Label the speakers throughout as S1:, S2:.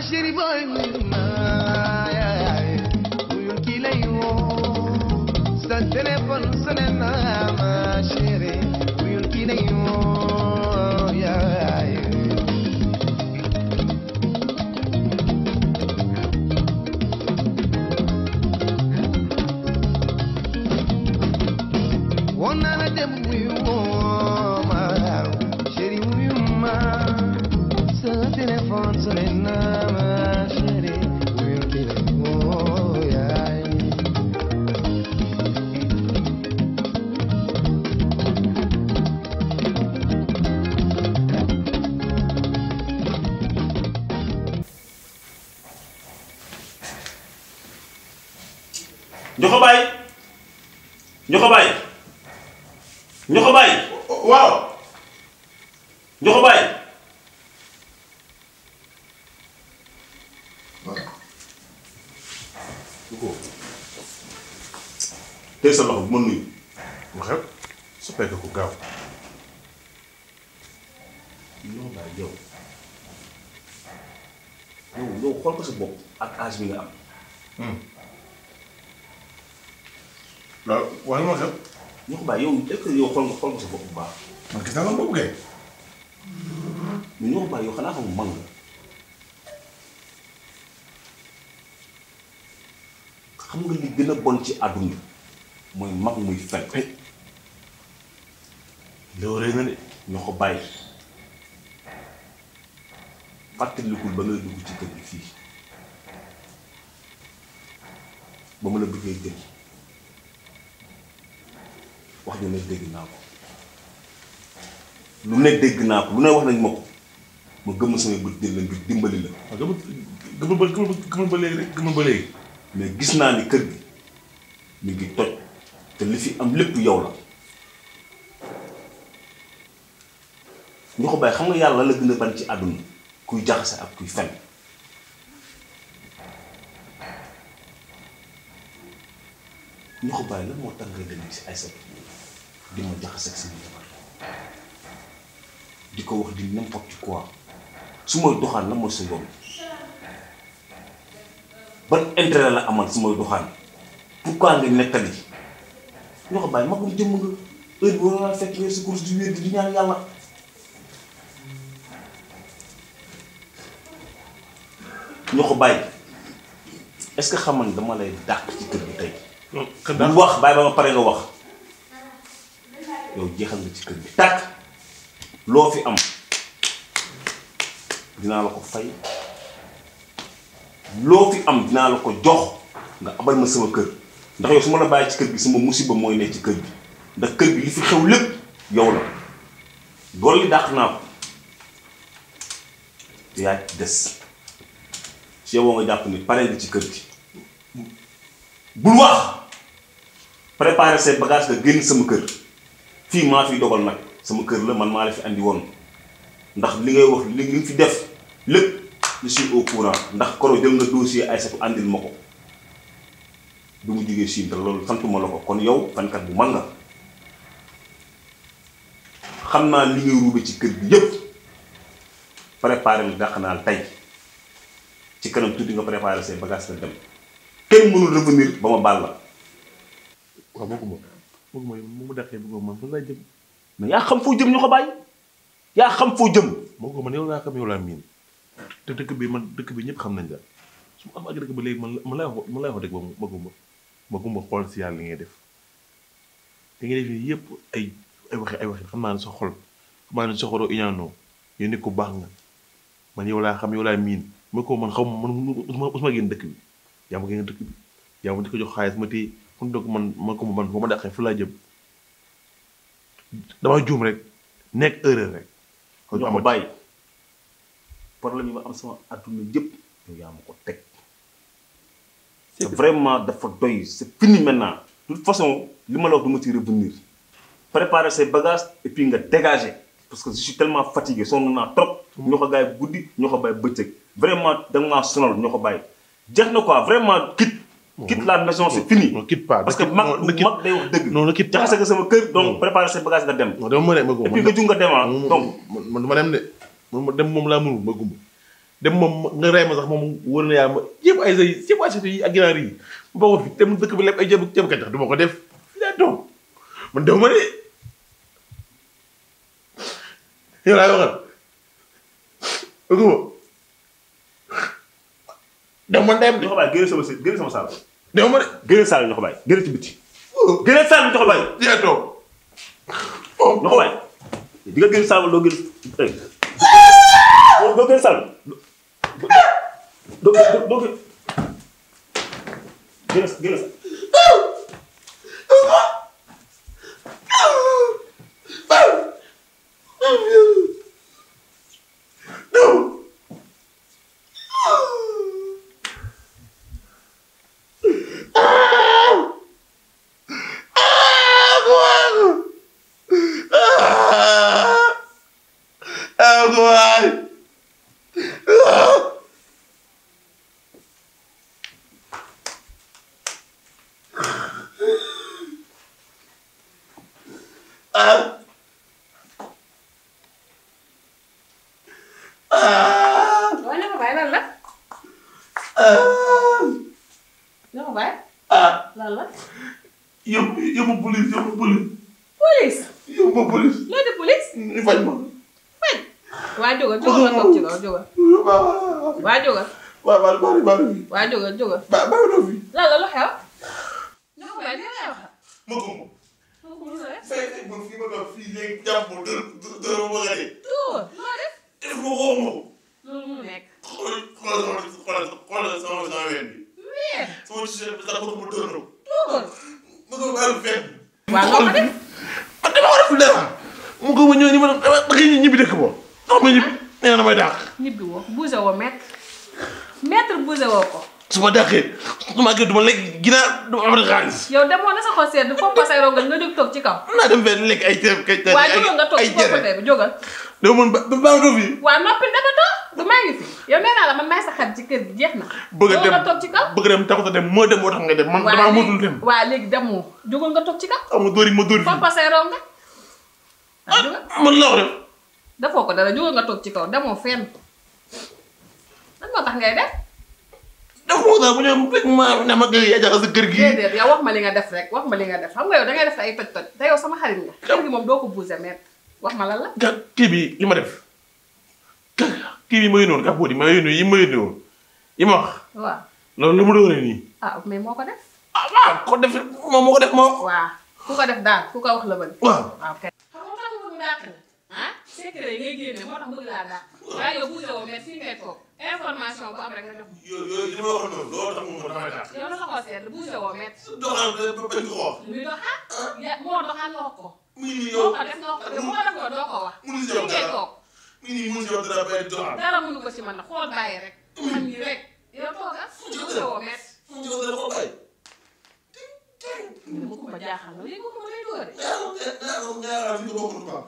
S1: عشر بان telefon sone na ma chérie wuyul ki ne yoo yaay woon naa la dem wuyu woo dancing in the koo tey sa loxo bu ma nuyu mu xew ko gaaw non daal yow yow xool ko sa bopp ak âge bi nga am. Hmm. waaw waaye ma xew. ñu ko yow est-ce yow xool nga xool ko sa bopp baax. man gis naa man boobu kay. ñu ko yow xanaa xamul man nga. xam nga li gën a bon ci àdduna mooy mag muy fen looree na de ñoo ko bàyyi fàttalikul ba ngay dugg ci kër fii ba mu la bëggee jël wax ñu ne dégg naa ko lu ne dégg naa ko lu ne wax nañ ma ko ma gëm samay bët jël la ngir dimbali la. waaw ah, gëmul gëmul ba léegi rek gëmul ba léegi. mais gis naa ni kër gi mi ngi toj te li fi am lépp yow la ñu ko xam nga yàlla la gën a ban ci àdduna kuy jaxase ak kuy fen ñu ko la moo tax nga dem si ay sat di ma jaxase ak sama jabar di ko wax di n'importe quoi su may doxaan la mooy sa yoon ban intérêt la amal su may doxaan pourquoi nga nettali ñoo ko bàyyi ma ko jëmm nga war a fekk weer si est-ce que xam dama lay dàq ci kër bi tey. wax bàyyi ba ma pare nga wax yow jeexal nga ci kër bi tàkk loo fi am dinaa la ko fay. loo fi am dinaa la ko jox nga abal ma sama kër ndax yow su ma la bàyyi ci kër gi sama musiba mooy ne ci kër gi ndax kër gi li fi xew lépp yow la dolli dàq naa ko yaa des ci yow nga jàpp ni pare nga ci kër gi bul wax préparer ses bagages nga génn sama kër fii maa fiy dogal nag sama kër la man maa la fi andi woon ndax li ngay wax li nga fi def lépp je suis au ndax koro jël nga dossier Aïssatou àndil ma ko du mu jugee Chine te loolu santuma la ko kon yow fankat bu man nga xam naa li ngay ruube ci kër gi yépp préparé dàq naa tey ci kanam tuuti nga préparé say bagages la dem kenn mënul revenir ba ma baal la. waaw bëgguma bëgguma mu mu dàqee bëgguma man fan laa jëm. mais yaa xam foo jëm ñu ko bàyyi yaa xam foo jëm. moo ko man yow laa xam yow laa miin. te dëkk bi man dëkk bi ñëpp xam nañ la su ma am ak dëkk ba léegi man man laa wax man laa wax dëgg ba mu bëgguma bëgguma xool si yàlla li ngay def li ngay def yëpp ay ay waxi ay waxi xam naa ne sa xol xam naa ne sa xoloo iñaanoo yow nit ku baax nga man yow laa xam yow laa miin ma ko man xaw ma man mosuma dëkk bi yaa ma dëkk bi di ko jox xaalis ma téye fu mu ma ko man boo ma dàqee fu laa jëm damaa juum rek nekk erreur rek. ko ñu bàyyi. problème yi ma am sama adduna yëpp yow yaa ma ko teg. c'est vraiment dafa doy c'est fini maintenant. de façon li ma la wax du ma ci revenir préparer ses bagages et puis nga dégager parce que je suis tellement fatigué sonn naa trop. ñoo ko guddi ñoo ko bàyyi bëccëg. vraiment da nga maa sonal ñoo ko bàyyi jeex na ko vraiment kit. quitte la maison c'est fini. non quitte pas parce que mag mag day wax dëgg. non ne quitte nga sama kër donc préparer ses bagages nga dem. a et puis nga jug nga dem ah donc. de. man dem moom laa mënul ma gumba dem moom nga rey ma sax moom wër na yaa ma yëpp ay say yëpp ay yi jëm jëm kàcax du ma ko def fii laa man dew ma de yow sama sa gën ma de gën saal ñoo ko bàyyi gën ci oh. gën. doo doo koy sànni doo doo doo koy gën a gën a
S2: ah ah. waaw na ko bàyyi la. ah. na ko bàyyi. ah lan la.
S1: police yóbbu police.
S2: police. yóbbu di police. ñu ma. faj. waa jóga jóga ma toog ci kaw jóga. waa jóga. waa waa jóga jóga. ba bari la lu xew.
S1: fii léegi jàpp dër dër bu bëgg a dee.
S2: tuur loo def. il faut xoo ma ko. loolu mu nekk. xool
S1: xoolal xoolal xoolal sama sama ween bi. ween. sama tissu bi sax mu dër na ko. tuur. mu ko baal fenn. waaw loo ko def. man dama war a dara. mu ko ma ñëw ni ma dama da ngay ñibbi dëkk boobu. ndax ma ñibbi nee na damay dàq.
S2: ñibbi woo bouse woo maître. maître bouse woo ko.
S1: su ma dàqee. duma kii duma lekk ginaar duma amati xaalis.
S2: yow demoon na sa xol sedd foofu nga say rongañ nga jóg toog ci kaw. naa dem fenn lekk ay
S1: ceeb ay ay jërë nga toog ci côté bi jógal. dama mën ba ba toog fii.
S2: waaw noppi dama toog du maa ngi fi a dem ci kaw bëgg a
S1: dem taxut dem moo dem moo tax nga
S2: dem. man damaa mënatul dem waaw léegi demoo jógal nga toog ci kaw. aw ma dóor yi ma dóor fii foofu say ronga. ah man laa ko def. dafoo ko dara jógal nga toog ci kaw demoo fenn lan moo tax ngay def def moo tax bu ñu fekk maa ne ma gëy yaa jaxase kër gi. déedéet yow wax ma li nga def rek wax ma li nga def xam nga yow da ngay def ay toj-toj te yow sama xarit nga. kër gi moom doo ko bousee mett wax ma lan la.
S1: ga kii bi li ma def kii bi ma yónni woon kàpp yi ma yónni yi ma yónni woon yi ma wax. waaw loolu lu mu doon nii.
S2: ah mais moo ko def. ah waaw ko def moom moo ko def moom. waaw ku ko def daal ku ko wax la bëgg. waaw waaw ah, kay. xam nga moo tax bëgg laa dàq. ah secret yi ngay génne moo tax bëgg laa dàq. waaye yow buuse woo mais suñu ko information bu am rek nga jox
S1: ko. yow yow li ma waxoon noonu loolu tax mu mën a damay tax.
S2: yow la sa xol seet buuse woo mais. doxaan
S1: ba bañ ko wax.
S2: muy doxaan. ya moo doxaan nga wax ko. muy nii yow def nga wax ko te mu ko def ko doo ko wax. mënuñu si yow dara
S1: muy nii mënuñu si yow dara bay doxaan. dara
S2: mënu ko si man na xool bàyyi rek. man nii rek yow tooga. buuse woo mais. buuse woo dara xool bàyyi. dama ko ma jaaxal loolu léegi ma ko ma lay dóore. jaaxal jaaxal jaaxal ñu ko bokkul quoi.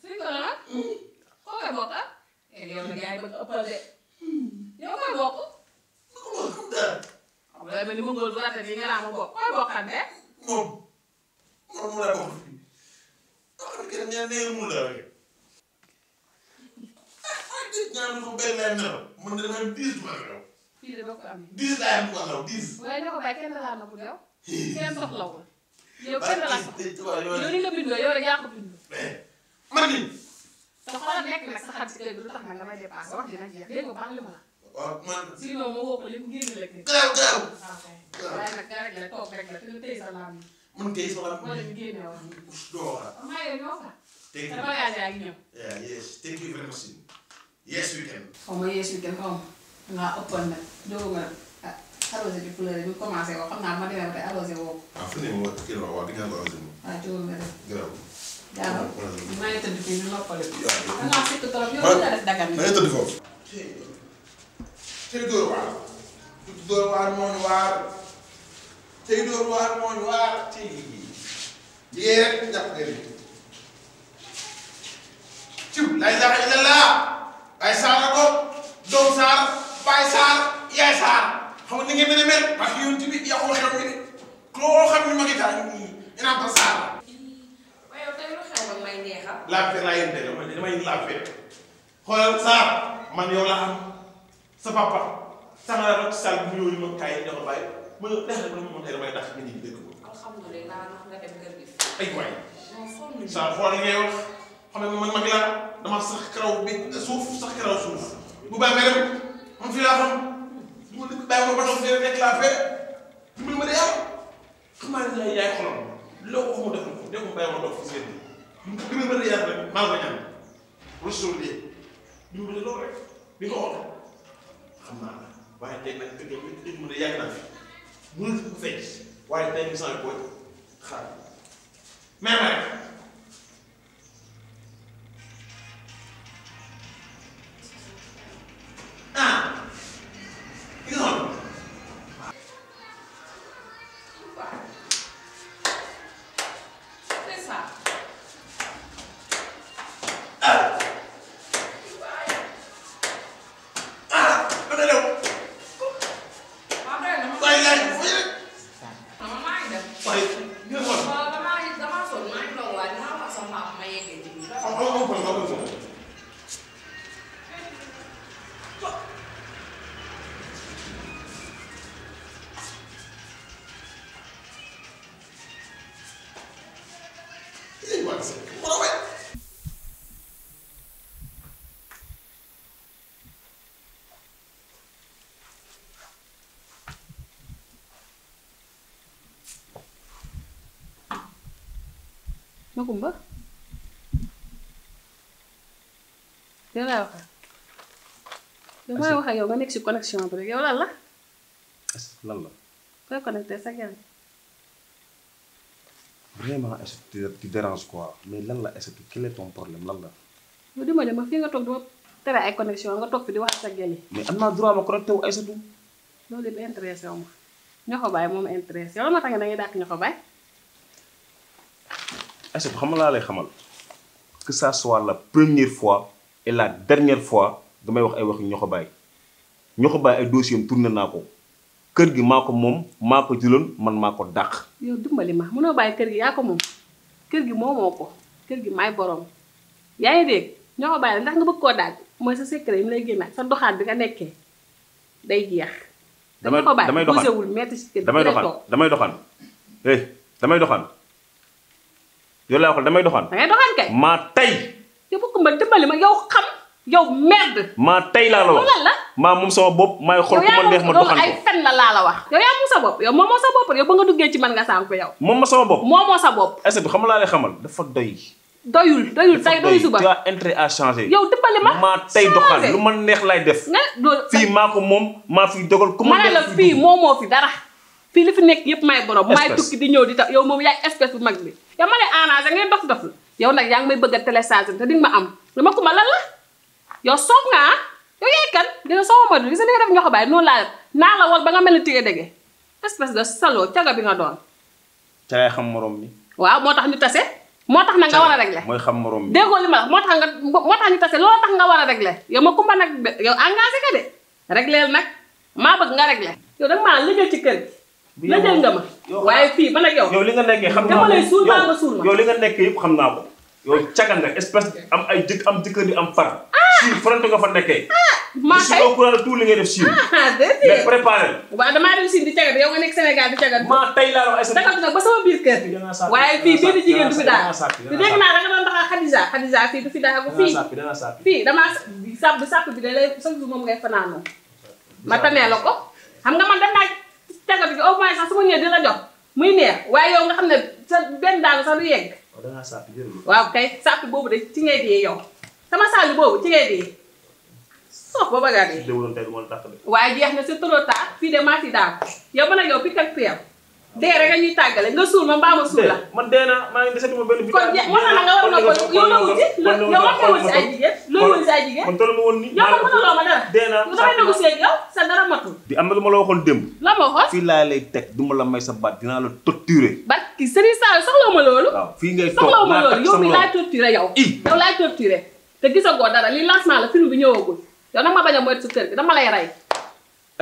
S2: suñu ko la. foo koy bokk ah. yow nag yaa ngi bëgg a ëppal de. yow koy bokk. xam nga mel ni mu ngóol bu rafet yi nga naan mu bokk koy bokkante. moom moom mu la bokk fii.
S1: xam nga kenn ñaar nee mu la rek. ñaar ko benn lay melaw man de damay dix du ma melaw.
S2: fii de doo ko am.
S1: dix laay am ko melaw dix.
S2: waaye ne ko bàyyi kenn laa noppi yow. kenn soxlawu la. yow kenn laa soxla yow ni nga bindoo yow rek yaa ko bindoo. te xoolal nekk nag sa xarit si kër gi lu tax man damay dépassé wax dina jeex dégg nga baal li mu la. waaw man. sinon ma woo ko lim génn la kii. gaaw gaaw. waaye nag dara la toog rek la te nga téye sa laam. mun téye sa laam. wala ñu génne woon. doo wax. maa ngi ñoo fa.
S1: tey jii sa bagage yaa ngi ñëw. yeah yes thank you very much. yes weekend.
S2: xaw ma yes weekend xaw ma nga ëppoon nag doo ma arrosé bi couleur bi commencé woo xam naa ma demee ba tey arrosé woo ko. ah fu ne ma kii la wax di nga arrosé moom. waaw ah, doo ma def. jaaw maa ngi tëdd fii ñu noppale ko. da ngaa fekk trop yow nga def dagan. ma ma tëdd
S1: foofu. tey dóor waar. dóor waar moo ñu waar. tey dóor waar moo ñu waar tey liggéey rek njàpp gën ciw lay laa ilaha illallah bay saar la ko doom saar bay saar yaay saar xam nga ni ngeen mën a mel parce que yow ci biir yàqu xew mi de loo xam ne ma ngi tax laa féet xoolal saar man yow laa am sa papa sangara rek sal bu ñëw ni ma kaay yi dafa bàyyi ma ne dex rek ma tey damay dax nga ñibbi dëkk boobu. alhamdulilah ndax nga dem kër gi. ay waay. saa xool ngay wax xam ne man mag laa dama sax karaw bi suuf sax karaw suuf bu baax nga dem man fii laa xam li ma dëkk bàyyi ma ba doon nekk laa fee li ma ma dee am ah. xam naa ne yaay xolam loo ko mu def ko dégg nga bàyyi ma doon fi seen bi lu gën a mën a yàq rek maa ngi ko ñaan rusul lii ñu mën a lool rek li xool xam naa la waaye tey nag fekkee nit mën a yàgg naa fi mënul ko fecc waaye tey mi sama booy xaar
S2: ma kumba yow laay nekk ci connexion bi rek la lan la fooy connecté sa gel
S1: vraiment ton problème lan la
S2: yow dima dama fii nga toog duma tere ay connexion nga toog fi di wax sa gel yi
S1: mais am naa droit ma connecté
S2: loolu yëpp intéressé ma ñoo ko moom intéressé yow ma tax nga da ngay dàq
S1: Aïssatou xam nga laa lay xamal que ça soit la première fois et la dernière fois damay wax ay wax ñoo ko bàyyi ñoo ko bàyyi ay dossier am naa ko kër gi maa ko moom maa ko jëloon man maa ko dàq.
S2: yow dimbali ma mënoo bàyyi kër gi yaa ko moom kër gi moomoo ko kër gi maay borom yaa ngi dégg ñoo ko bàyyi ndax nga bëgg koo daaj mooy sa secret yi mu lay génnaat sa doxaat bi nga nekkee day jeex. damay damay doxaan damay doxaan
S1: damay doxaan damay doxaan. yow laa waxal damay doxaan. da ngay
S2: doxaan kay. maa tey. yow bëgg ma dimbali ma yow xam. yow merde.
S1: maa tey laa la wax maa moom sama bopp maay xool ku ma neex ma doxal ko ay
S2: la wax. sa bopp yow moomoo sa bopp nga duggee man nga sànq yow.
S1: moom ma sama bopp sa bopp. est-ce que laa lay xamal dafa doy.
S2: doyul doyul tey doy suba tu
S1: as intérêt à changer. yow
S2: ma maa tey doxal lu ma
S1: neex lay def. fii maa ko moom maa fi dogal ku ma neex la fii
S2: moomoo fi dara. fii li fi nekk yëpp maay borom. maay tukki di ñëw di tax yow moom yaay espèce bu mag bi dama lay arrangé ngay dof dof la yow nag yaa ngi may bëgg a télécharger te di nga ma am dama ko ma lan la yow soob nga ah yow yaay kan dina soo ma du gis nga def ñoo ko bàyyi noonu laa def naa la wol ba nga mel ni tige dege espèce de salaud caga bi nga doon.
S1: ca yaay xam morom mi.
S2: waaw moo tax ñu tase. moo tax nag nga war a régler
S1: mooy xam morom mi. déggoo
S2: li ma la moo tax nga moo tax ñu tase loolu tax nga war a régler yow ma kumba nag yow de nag maa nga régler. yow ci kër gi la dégg nga ma waaye fii man ak yow. yow li nga nekkee xam nga ah! ah! ah, da nga doon taxaw Khadija Khadija fii du fi daal la ko man dañ cagatu gi au moins sax su ma ñëwee di la jox muy neex waaye yow nga xam ne sa benn daal sax du yegg. waaw dangaa sàpp jërëjëf. waaw boobu de ci ngay dee yow sama sàll boobu ci ngay dee soof ba bëgg a
S1: dee.
S2: waaye jeex na c'est trop tard fii de maa daal yow ba nag yow picc ak peer. dee rek ñuy tàggale nga suul ma mbaa ma suul la. man dee naa maa ngi desatuma benn bi. na nga war na la wuti yow waxee woon si ay jigéen loolu woon si ay jigéen. man toll ma woon nii yow man mënuloo ma dara. dee di
S1: am na lu ma la waxoon démb.
S2: la ma waxoon fii
S1: laa lay teg du ma la may sa baat dinaa la torturer.
S2: barki Serigne Sall soxlawu loolu.
S1: fii ngay toog soxlawu ma loolu yow mi laay
S2: torturer yow. yow laay torturer te gisagoo dara li lancement la film bi ñëwagul yow nag ma bañ a moytu sa kër gi dama lay rey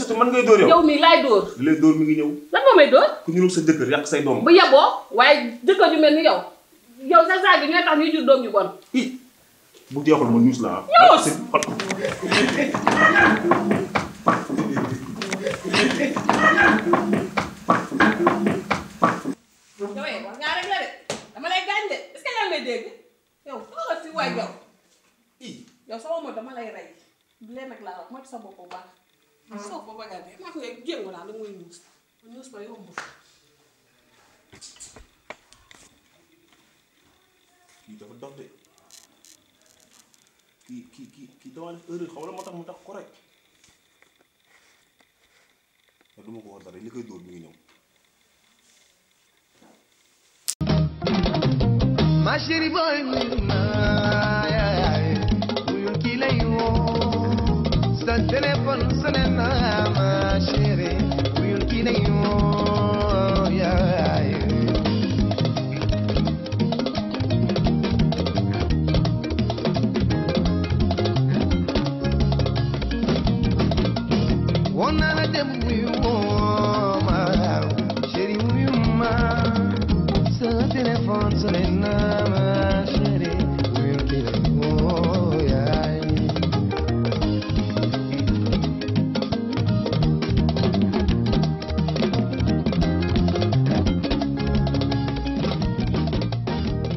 S1: est que man ngay dóor yow. yow mii laay dóor. léegi dóor mi ngi ñëw. lan moo may dóor. ku ñu sa jëkkër yàq say doom. bu
S2: yeboo waaye jëkkër ju mel ni yow yow sa saa gi dama lay rey bu leen nag laa wax moytu sa bopp bu Soğuk baba geldi.
S1: dox de kii kii kii kii dafa def erreur correct te du ko war dara li koy dóor mi ngi ñëw. Ma chérie boy. téléphone sonné na ma chérie